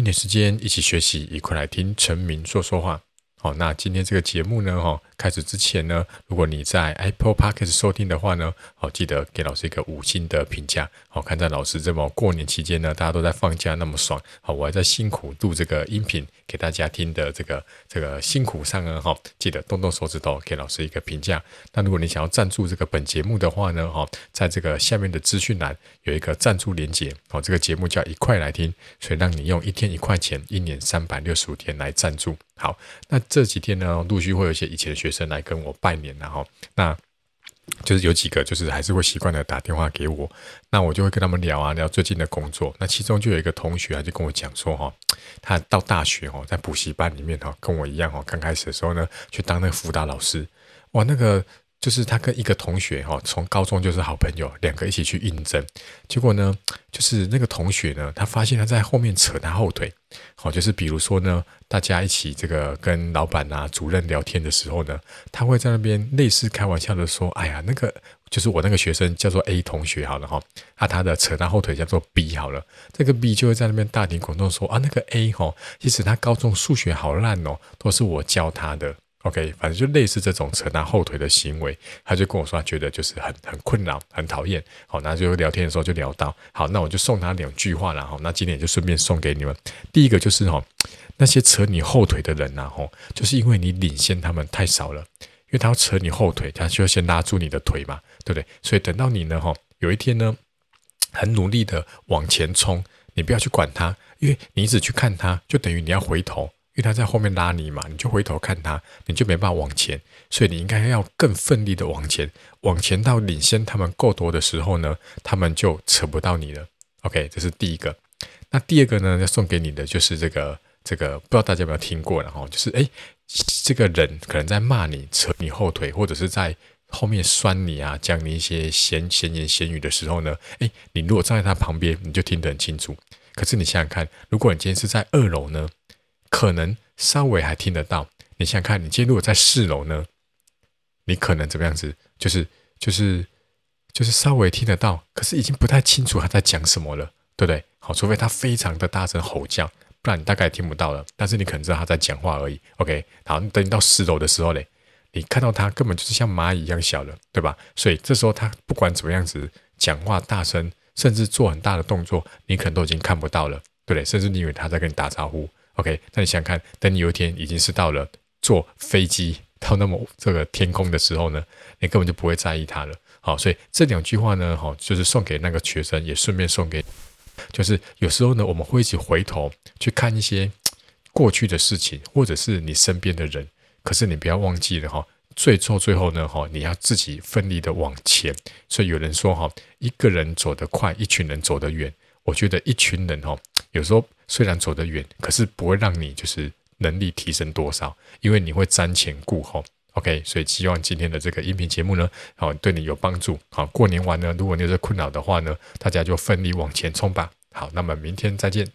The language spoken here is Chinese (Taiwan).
一點時間，一起學習，一塊來聽陳明說說話。好、哦，那今天這個節目呢，哈、哦，開始之前呢，如果你在 Apple Podcast 收聽的話呢，好、哦，記得給老師一個五星的評價。好、哦，看在老師這麼過年期間呢，大家都在放假那麼爽，好、哦，我還在辛苦錄這個音頻給大家聽的這個這個辛苦上啊，哈、哦，記得動動手指頭給老師一個評價。那如果你想要贊助這個本節目的話呢，哈、哦，在這個下面的資訊欄有一個贊助連結。好、哦，這個節目叫一塊來聽，所以讓你用一天一塊錢，一年三百六十五天來贊助。好，那這幾天呢，陸續會有一些以前的學生來跟我拜年，然後，那就是有幾個，就是還是會習慣的打電話給我，那我就會跟他們聊啊，聊最近的工作。那其中就有一個同學啊，就跟我講說啊，他到大學啊，在補習班裡面啊，跟我一樣啊，剛開始的時候呢，去當那個輔導老師，哇，那個。就是他跟一個同學從高中就是好朋友，兩個一起去應徵，結果呢，就是那個同學呢，他發現他在後面扯他後腿，哦，就是比如說呢，大家一起這個跟老闆啊、主任聊天的時候呢，他會在那邊類似開玩笑的說，哎呀，那個就是我那個學生叫做 A 同學好了哈，啊、他的扯他後腿叫做 B 好了，這、那個 B 就會在那邊大庭廣眾說啊，那個 A 哈，其實他高中數學好爛哦，都是我教他的。OK，反正就類似這種扯他後腿的行為，他就跟我說，他覺得就是很很困擾，很討厭。好、哦，那最後聊天的時候就聊到，好，那我就送他兩句話了後、哦、那今天也就順便送給你們，第一個就是、哦、那些扯你後腿的人呢、啊哦，就是因為你領先他們太少了，因為他要扯你後腿，他就要先拉住你的腿嘛，對不對？所以等到你呢，哦、有一天呢，很努力的往前衝，你不要去管他，因為你一直去看他，就等於你要回頭。因為他在後面拉你嘛，你就回頭看他，你就沒辦法往前，所以你應該要更奮力的往前，往前到領先他們夠多的時候呢，他們就扯不到你了。OK，這是第一個。那第二個呢，要送給你的就是這個這個，不知道大家有沒有聽過，然後就是哎，這個人可能在罵你、扯你後腿，或者是在後面酸你啊、講你一些閒閒言閒語的時候呢，哎，你如果站在他旁邊，你就聽得很清楚。可是你想想看，如果你今天是在二樓呢？可能稍微還聽得到，你想想看，你今天如果在四樓呢，你可能怎麼樣子，就是就是就是稍微聽得到，可是已經不太清楚他在講什麼了，對不對？好，除非他非常的大聲吼叫，不然你大概聽不到了。但是你可能知道他在講話而已。OK，好，等你到四樓的時候嘞，你看到他根本就是像螞蟻一樣小了，對吧？所以這時候他不管怎麼樣子講話大聲，甚至做很大的動作，你可能都已經看不到了，對不對？甚至你以為他在跟你打招呼。OK，那你想，想看，等你有一天已經是到了坐飛機到那麼這個天空的時候呢，你根本就不會在意他了。好，所以這兩句話呢，哦、就是送給那個學生，也順便送給，就是有時候呢，我們會一起回頭去看一些過去的事情，或者是你身邊的人。可是你不要忘記了哈，最後最後呢，你要自己奮力的往前。所以有人說，一個人走得快，一群人走得遠。我覺得一群人哈，有時候。雖然走得遠，可是不會讓你就是能力提升多少，因為你會瞻前顧後。OK，所以希望今天的這個音頻節目呢，好、哦、對你有幫助。好，過年完呢，如果你有這困擾的話呢，大家就奮力往前衝吧。好，那麼明天再見。